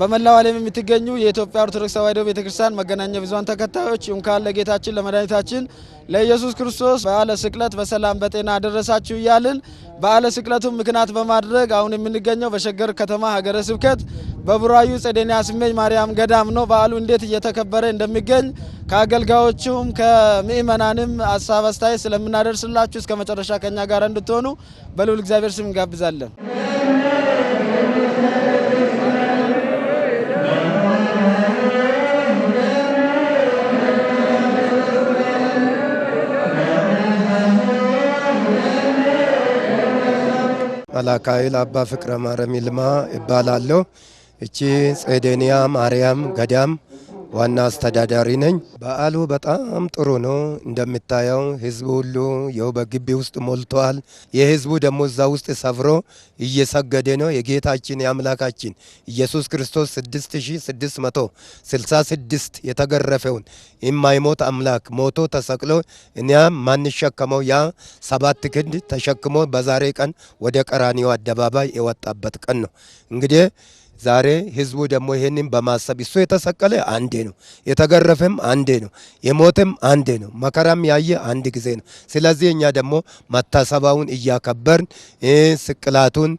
በመላው ዓለም የምትገኙ የኢትዮጵያ ኦርቶዶክስ ተዋሕዶ ቤተክርስቲያን መገናኛ ብዙኃን ተከታዮች እንኳን ለጌታችን ለመድኃኒታችን ለኢየሱስ ክርስቶስ በዓለ ስቅለት በሰላም በጤና አደረሳችሁ እያልን በዓለ ስቅለቱን ምክንያት በማድረግ አሁን የምንገኘው በሸገር ከተማ ሀገረ ስብከት በቡራዩ ጼዴንያ ስሜኝ ማርያም ገዳም ነው። በዓሉ እንዴት እየተከበረ እንደሚገኝ ከአገልጋዮቹም ከምእመናንም ሀሳብ አስተያየት ስለምናደርስላችሁ እስከ መጨረሻ ከእኛ ጋር እንድትሆኑ በልዑል እግዚአብሔር ስም እንጋብዛለን። መላካይል አባ ፍቅረ ማርያም ይልማ እባላለሁ። እቺ ጼዴንያ ማርያም ገዳም ዋና አስተዳዳሪ ነኝ። በዓሉ በጣም ጥሩ ነው። እንደምታየው ህዝቡ ሁሉ ይኸው በግቢ ውስጥ ሞልተዋል። የህዝቡ ደግሞ እዛ ውስጥ ሰፍሮ እየሰገደ ነው። የጌታችን የአምላካችን ኢየሱስ ክርስቶስ 6666 የተገረፈውን የማይሞት አምላክ ሞቶ ተሰቅሎ እኛም ማንሸከመው ያ ሰባት ክንድ ተሸክሞ በዛሬ ቀን ወደ ቀራኒው አደባባይ የወጣበት ቀን ነው እንግዲህ ዛሬ ህዝቡ ደግሞ ይሄንን በማሰብ እሱ የተሰቀለ አንዴ ነው፣ የተገረፈም አንዴ ነው፣ የሞተም አንዴ ነው፣ መከራም ያየ አንድ ጊዜ ነው። ስለዚህ እኛ ደግሞ መታሰባውን እያከበርን ስቅላቱን፣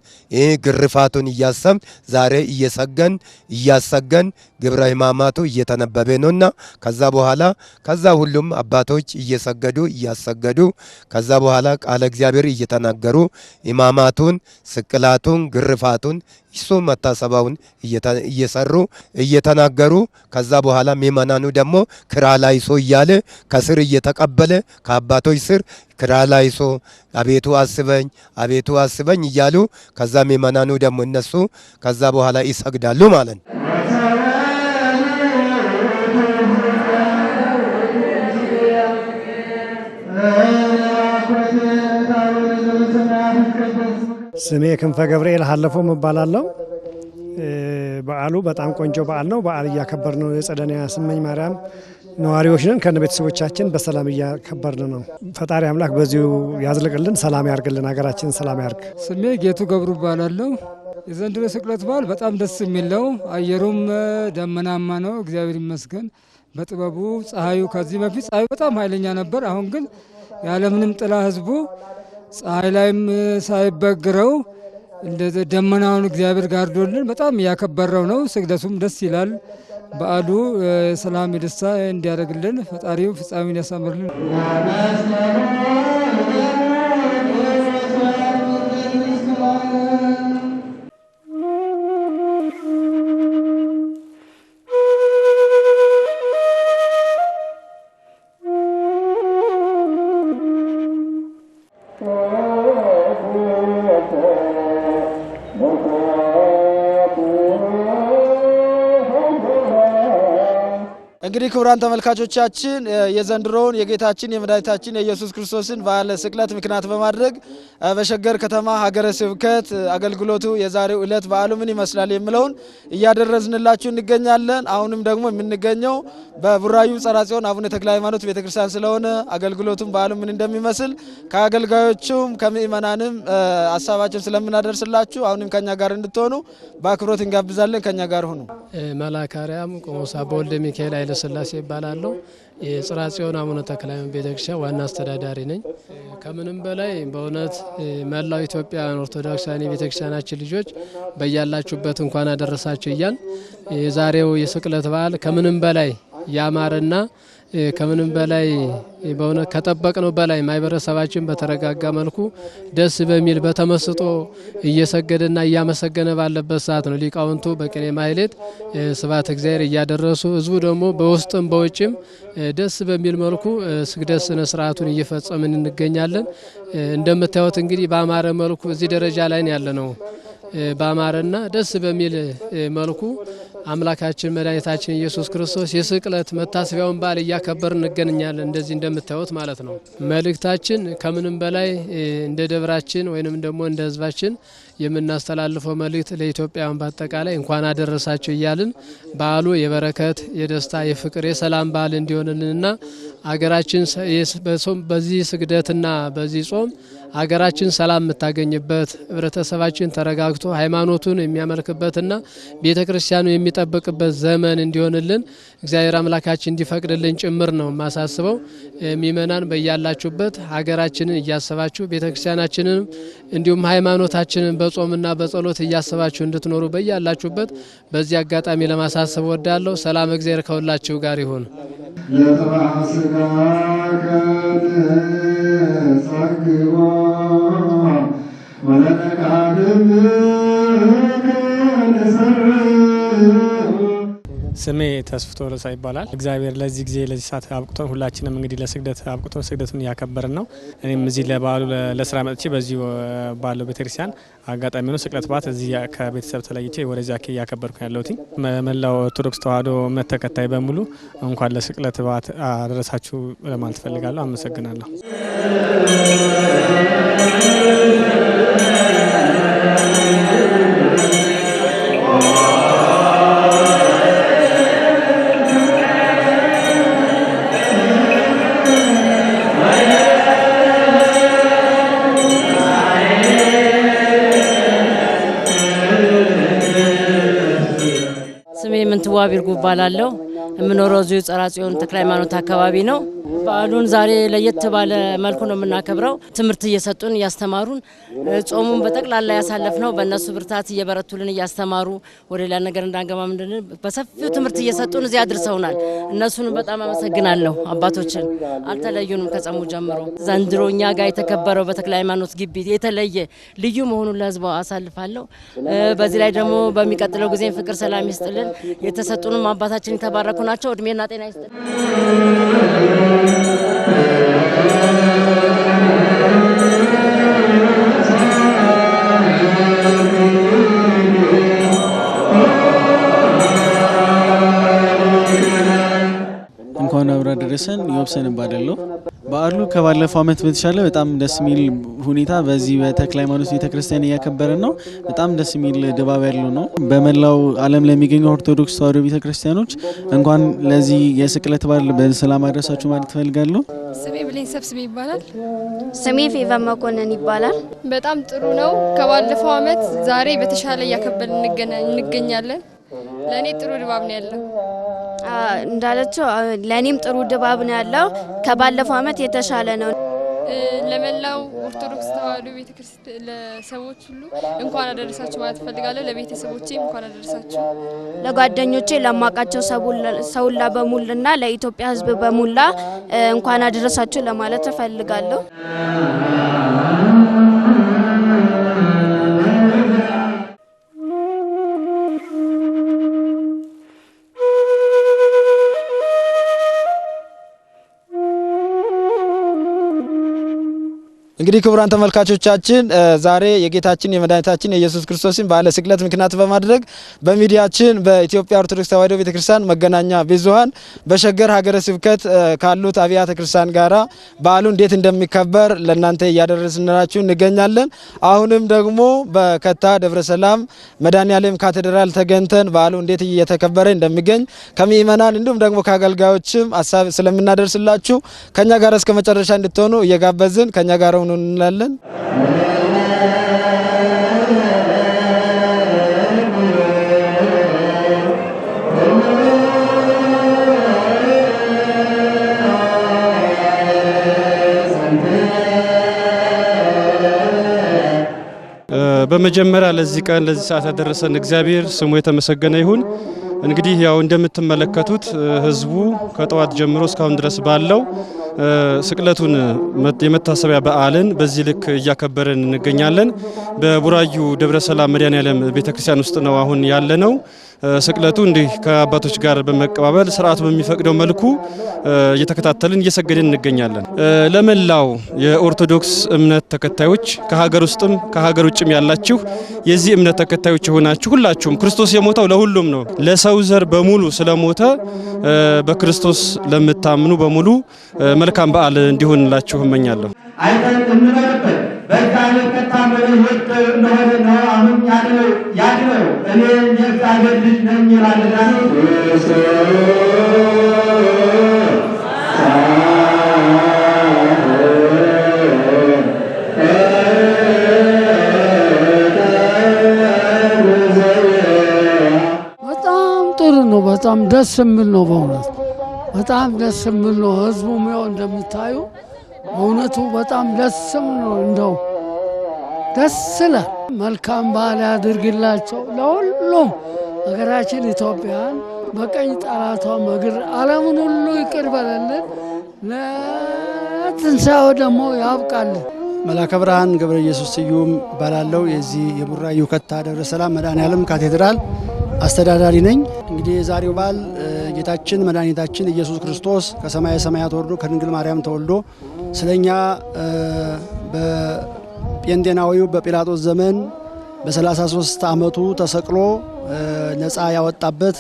ግርፋቱን እያሰብን ዛሬ እየሰገን እያሰገን ግብረ ህማማቱ እየተነበበ ነውና ከዛ በኋላ ከዛ ሁሉም አባቶች እየሰገዱ እያሰገዱ ከዛ በኋላ ቃለ እግዚአብሔር እየተናገሩ ሕማማቱን፣ ስቅላቱን፣ ግርፋቱን እሱም መታሰቢያውን እየሰሩ እየተናገሩ ከዛ በኋላ ሚመናኑ ደግሞ ክራላይሶ እያለ ከስር እየተቀበለ ከአባቶች ስር ክራላይሶ አቤቱ አስበኝ አቤቱ አስበኝ እያሉ ከዛ ምእመናኑ ደግሞ እነሱ ከዛ በኋላ ይሰግዳሉ ማለት ነው። ስሜ ክንፈ ገብርኤል ሀለፎ እባላለሁ። በዓሉ በጣም ቆንጆ በዓል ነው። በዓል እያከበር ነው። የጸደኒያ ስመኝ ማርያም ነዋሪዎች ነን። ከነ ቤተሰቦቻችን በሰላም እያከበርን ነው። ፈጣሪ አምላክ በዚሁ ያዝልቅልን፣ ሰላም ያርግልን፣ ሀገራችን ሰላም ያርግ። ስሜ ጌቱ ገብሩ እባላለሁ። የዘንድሮ ስቅለት በዓል በጣም ደስ የሚል ነው። አየሩም ደመናማ ነው። እግዚአብሔር ይመስገን። በጥበቡ ፀሐዩ ከዚህ በፊት ፀሐዩ በጣም ኃይለኛ ነበር። አሁን ግን ያለምንም ጥላ ህዝቡ ፀሐይ ላይም ሳይበግረው እንደ ደመናውን እግዚአብሔር ጋርዶልን በጣም ያከበረው ነው። ስግደቱም ደስ ይላል። በዓሉ ሰላም፣ ደስታ እንዲያደርግልን ፈጣሪው ፍጻሜን ያሳምርልን። Thank you. እንግዲህ ክቡራን ተመልካቾቻችን የዘንድሮውን የጌታችን የመድኃኒታችን የኢየሱስ ክርስቶስን በዓለ ስቅለት ምክንያት በማድረግ በሸገር ከተማ ሀገረ ስብከት አገልግሎቱ የዛሬው ዕለት በዓሉ ምን ይመስላል የሚለውን እያደረስንላችሁ እንገኛለን። አሁንም ደግሞ የምንገኘው በቡራዩ ጸራጽዮን አቡነ ተክለ ሃይማኖት ቤተክርስቲያን ስለሆነ አገልግሎቱም በዓሉ ምን እንደሚመስል ከአገልጋዮቹም ከምእመናንም ሀሳባችን ስለምናደርስላችሁ አሁንም ከኛ ጋር እንድትሆኑ በአክብሮት እንጋብዛለን። ከኛ ጋር ሁኑ። መላካርያም ቆሞሳ በወልደ ሚካኤል ስላሴ ይባላለሁ። የጽራጽዮን አቡነ ተክለሃይማኖት ቤተክርስቲያን ዋና አስተዳዳሪ ነኝ። ከምንም በላይ በእውነት መላው ኢትዮጵያውያን ኦርቶዶክሳውያን የቤተክርስቲያናችን ልጆች በያላችሁበት እንኳን አደረሳችሁ እያል የዛሬው የስቅለት በዓል ከምንም በላይ ያማረና ከምንም በላይ በእውነት ከጠበቅነው በላይ ማህበረሰባችን በተረጋጋ መልኩ ደስ በሚል በተመስጦ እየሰገደና እያመሰገነ ባለበት ሰዓት ነው ሊቃውንቱ በቅኔ ማህሌት ስብሐተ እግዚአብሔር እያደረሱ ህዝቡ ደግሞ በውስጥም በውጭም ደስ በሚል መልኩ ስግደት ስነ ስርዓቱን እየፈጸምን እንገኛለን። እንደምታዩት እንግዲህ በአማረ መልኩ እዚህ ደረጃ ላይ ያለ ነው። በአማረና ደስ በሚል መልኩ አምላካችን መድኃኒታችን ኢየሱስ ክርስቶስ የስቅለት መታሰቢያውን በዓል እያከበር እንገናኛለን እንደዚህ እንደምታዩት ማለት ነው። መልእክታችን ከምንም በላይ እንደ ደብራችን ወይንም ደግሞ እንደ ህዝባችን የምናስተላልፈው መልእክት ለኢትዮጵያውያን በአጠቃላይ እንኳን አደረሳቸው እያልን በዓሉ የበረከት፣ የደስታ፣ የፍቅር፣ የሰላም በዓል እንዲሆንልንና አገራችን በዚህ ስግደትና በዚህ ጾም ሀገራችን ሰላም የምታገኝበት ህብረተሰባችን ተረጋግቶ ሃይማኖቱን የሚያመልክበትና ቤተ ክርስቲያኑ የሚጠብቅበት ዘመን እንዲሆንልን እግዚአብሔር አምላካችን እንዲፈቅድልን ጭምር ነው የማሳስበው። ሚመናን በያላችሁበት ሀገራችንን እያሰባችሁ ቤተ እንዲሁም ሃይማኖታችንን በጾምና በጸሎት እያሰባችሁ እንድትኖሩ በያላችሁበት በዚህ አጋጣሚ ለማሳሰብ ወዳለሁ። ሰላም እግዚአብሔር ከሁላችሁ ጋር ይሁን። ስሜ ተስፍቶ ረሳ ይባላል። እግዚአብሔር ለዚህ ጊዜ ለዚህ ሰዓት አብቅቶን ሁላችንም እንግዲህ ለስግደት አብቅቶን ስግደቱን እያከበርን ነው። እኔም እዚህ ለበዓሉ ለስራ መጥቼ በዚሁ ባለው ቤተክርስቲያን አጋጣሚ ነው ስቅለት ባት እዚህ ከቤተሰብ ተለይቼ ወደዚያ ኬ እያከበርኩ ያለሁት መላው ኦርቶዶክስ ተዋህዶ እምነት ተከታይ በሙሉ እንኳን ለስቅለት ባት አደረሳችሁ ለማለት እፈልጋለሁ። አመሰግናለሁ። Thank you. አቢርጉ ጉባላለሁ የምኖረው እዚሁ ጸራ ጽዮን ተክለ ሃይማኖት አካባቢ ነው። በዓሉን ዛሬ ለየት ባለ መልኩ ነው የምናከብረው። ትምህርት እየሰጡን እያስተማሩን፣ ጾሙን በጠቅላላ ያሳለፍ ነው በእነሱ ብርታት እየበረቱልን እያስተማሩ ወደ ሌላ ነገር እንዳንገባ ምንድን በሰፊው ትምህርት እየሰጡን እዚህ አድርሰውናል። እነሱንም በጣም አመሰግናለሁ። አባቶችን አልተለዩንም ከጸሙ ጀምሮ። ዘንድሮ እኛ ጋር የተከበረው በተክለ ሃይማኖት ግቢ የተለየ ልዩ መሆኑን ለህዝቡ አሳልፋለሁ። በዚህ ላይ ደግሞ በሚቀጥለው ጊዜ ፍቅር ሰላም ይስጥልን። የተሰጡንም አባታችን የተባረኩ ናቸው። እድሜና ጤና ይስጥልኝ። እንኳን አብራ ደረሰን። ዮብሰን ባደለው በዓሉ ከባለፈው ዓመት በተሻለ በጣም ደስ የሚል ሁኔታ በዚህ በተክለ ሃይማኖት ቤተክርስቲያን እያከበረን ነው። በጣም ደስ የሚል ድባብ ያለው ነው። በመላው ዓለም ለሚገኙ ኦርቶዶክስ ተዋሕዶ ቤተክርስቲያኖች እንኳን ለዚህ የስቅለት በዓል በሰላም አድረሳችሁ ማለት እፈልጋለሁ። ስሜ ብሌን ሰብስቤ ይባላል። ስሜ ፌቫ መኮንን ይባላል። በጣም ጥሩ ነው። ከባለፈው ዓመት ዛሬ በተሻለ እያከበር እንገኛለን። ለእኔ ጥሩ ድባብ ነው ያለው። እንዳለችው ለእኔም ጥሩ ድባብ ነው ያለው። ከባለፈው አመት የተሻለ ነው። ለመላው ኦርቶዶክስ ተዋሕዶ ቤተክርስቲያን ለሰዎች ሁሉ እንኳን አደረሳችሁ ማለት እፈልጋለሁ። ለቤተሰቦቼ እንኳን አደረሳችሁ። ለጓደኞቼ፣ ለማውቃቸው ሰውላ በሙሉና ለኢትዮጵያ ሕዝብ በሙላ እንኳን አደረሳችሁ ለማለት እፈልጋለሁ። እንግዲህ ክቡራን ተመልካቾቻችን ዛሬ የጌታችን የመድኃኒታችን የኢየሱስ ክርስቶስን በዓለ ስቅለት ምክንያት በማድረግ በሚዲያችን በኢትዮጵያ ኦርቶዶክስ ተዋሕዶ ቤተክርስቲያን መገናኛ ብዙኃን በሸገር ሀገረ ስብከት ካሉት አብያተ ክርስቲያን ጋራ በዓሉ እንዴት እንደሚከበር ለእናንተ እያደረስንላችሁ እንገኛለን። አሁንም ደግሞ በከታ ደብረ ሰላም መድኃኔዓለም ካቴድራል ተገኝተን በዓሉ እንዴት እየተከበረ እንደሚገኝ ከምእመናን እንዲሁም ደግሞ ከአገልጋዮችም ሀሳብ ስለምናደርስላችሁ ከእኛ ጋር እስከ መጨረሻ እንድትሆኑ እየጋበዝን ከእኛ ጋር ሆኑ። እንላለን። በመጀመሪያ ለዚህ ቀን ለዚህ ሰዓት ያደረሰን እግዚአብሔር ስሙ የተመሰገነ ይሁን። እንግዲህ ያው እንደምትመለከቱት ህዝቡ ከጠዋት ጀምሮ እስካሁን ድረስ ባለው ስቅለቱን የመታሰቢያ በዓልን በዚህ ልክ እያከበርን እንገኛለን። በቡራዩ ደብረሰላም መድኃኔዓለም ቤተክርስቲያን ውስጥ ነው አሁን ያለ ነው። ስቅለቱ እንዲህ ከአባቶች ጋር በመቀባበል ስርዓቱ በሚፈቅደው መልኩ እየተከታተልን እየሰገድን እንገኛለን። ለመላው የኦርቶዶክስ እምነት ተከታዮች ከሀገር ውስጥም ከሀገር ውጭም ያላችሁ የዚህ እምነት ተከታዮች የሆናችሁ ሁላችሁም ክርስቶስ የሞተው ለሁሉም ነው፣ ለሰው ዘር በሙሉ ስለሞተ በክርስቶስ ለምታምኑ በሙሉ መልካም በዓል እንዲሆንላችሁ እመኛለሁ። አይተን እንበልበት በእግዚአብሔር ከታመነ ሕይወት እንደሆነ ነው። አሁን ያድነው ያድነው፣ እኔ የእግዚአብሔር ልጅ ነኝ ይላልና በጣም ጥሩ ነው። በጣም ደስ የሚል ነው በእውነት በጣም ደስ የሚል ነው። ህዝቡ ያው እንደሚታዩ በእውነቱ በጣም ደስ ነው። እንደው ደስ ለ መልካም ባህል ያድርግላቸው ለሁሉም ሀገራችን ኢትዮጵያን በቀኝ ጠላቷ መግር ዓለምን ሁሉ ይቅር በለልን። ለትንሣኤው ደግሞ ያብቃልን። መላከ ብርሃን ገብረ ኢየሱስ ስዩም እባላለሁ። የዚህ የቡራዩ ከታ ደብረ ሰላም መድኃኔ ዓለም ካቴድራል አስተዳዳሪ ነኝ። እንግዲህ የዛሬው በዓል ጌታችን መድኃኒታችን ኢየሱስ ክርስቶስ ከሰማየ ሰማያት ወርዶ ከድንግል ማርያም ተወልዶ ስለኛ በጴንጤናዊው በጲላጦስ ዘመን በ33 ዓመቱ ተሰቅሎ ነፃ ያወጣበት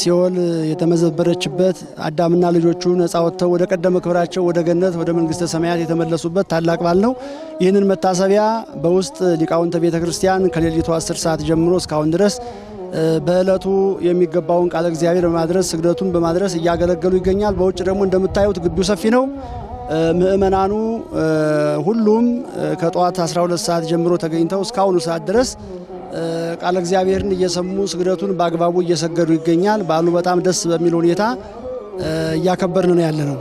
ሲኦል የተመዘበረችበት አዳምና ልጆቹ ነፃ ወጥተው ወደ ቀደመ ክብራቸው ወደ ገነት ወደ መንግስተ ሰማያት የተመለሱበት ታላቅ በዓል ነው። ይህንን መታሰቢያ በውስጥ ሊቃውንተ ቤተ ክርስቲያን ከሌሊቱ 10 ሰዓት ጀምሮ እስካሁን ድረስ በእለቱ የሚገባውን ቃለ እግዚአብሔር በማድረስ ስግደቱን በማድረስ እያገለገሉ ይገኛል። በውጭ ደግሞ እንደምታዩት ግቢው ሰፊ ነው። ምእመናኑ ሁሉም ከጠዋት 12 ሰዓት ጀምሮ ተገኝተው እስካሁኑ ሰዓት ድረስ ቃለ እግዚአብሔርን እየሰሙ ስግደቱን በአግባቡ እየሰገዱ ይገኛል። በዓሉ በጣም ደስ በሚል ሁኔታ እያከበርን ነው ያለ ነው።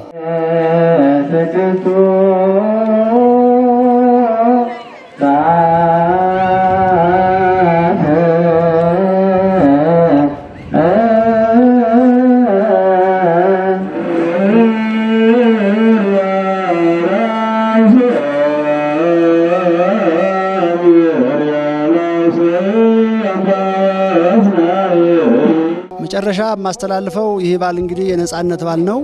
በመጨረሻ የማስተላልፈው ይህ በዓል እንግዲህ የነጻነት በዓል ነው።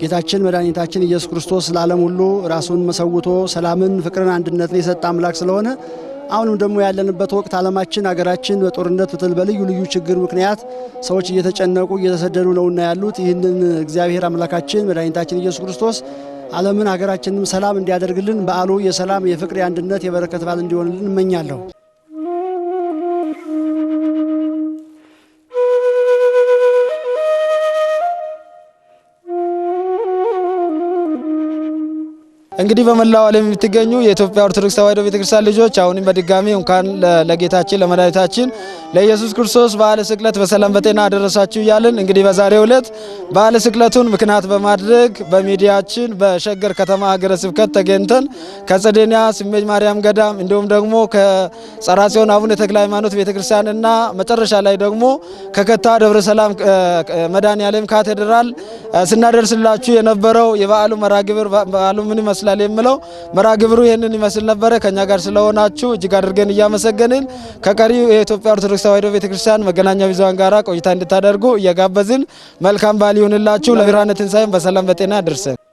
ጌታችን መድኃኒታችን ኢየሱስ ክርስቶስ ለዓለም ሁሉ ራሱን መሰውቶ ሰላምን፣ ፍቅርን፣ አንድነትን የሰጠ አምላክ ስለሆነ አሁንም ደግሞ ያለንበት ወቅት ዓለማችን አገራችን በጦርነት ብትል በልዩ ልዩ ችግር ምክንያት ሰዎች እየተጨነቁ እየተሰደዱ ነውና ያሉት ይህንን እግዚአብሔር አምላካችን መድኃኒታችን ኢየሱስ ክርስቶስ ዓለምን ሀገራችንም ሰላም እንዲያደርግልን በዓሉ የሰላም የፍቅር፣ የአንድነት፣ የበረከት በዓል እንዲሆንልን እመኛለሁ። እንግዲህ በመላው ዓለም የምትገኙ የኢትዮጵያ ኦርቶዶክስ ተዋሕዶ ቤተክርስቲያን ልጆች አሁንም በድጋሚ እንኳን ለጌታችን ለመድኃኒታችን ለኢየሱስ ክርስቶስ በዓለ ስቅለት በሰላም በጤና አደረሳችሁ እያልን እንግዲህ በዛሬው ዕለት በዓለ ስቅለቱን ምክንያት በማድረግ በሚዲያችን በሸገር ከተማ ሀገረ ስብከት ተገኝተን ከጸደንያ ስሜጅ ማርያም ገዳም እንዲሁም ደግሞ ከጸራ ጽዮን አቡነ ተክለ ሃይማኖት ቤተክርስቲያን እና መጨረሻ ላይ ደግሞ ከከታ ደብረ ሰላም መድኃኔ ካቴድራል ስናደርስላችሁ የነበረው የበዓሉ መርሃ ግብር በዓሉ ምን ይመስላል ይመስላል የምለው መራ ግብሩ ይህንን ይመስል ነበረ። ከኛ ጋር ስለሆናችሁ እጅግ አድርገን እያመሰገንን ከቀሪው የኢትዮጵያ ኦርቶዶክስ ተዋሕዶ ቤተክርስቲያን መገናኛ ብዙኃን ጋራ ቆይታ እንድታደርጉ እየጋበዝን መልካም በዓል ይሁንላችሁ። ለብርሃነ ትንሣኤም በሰላም በጤና ያድርሰን።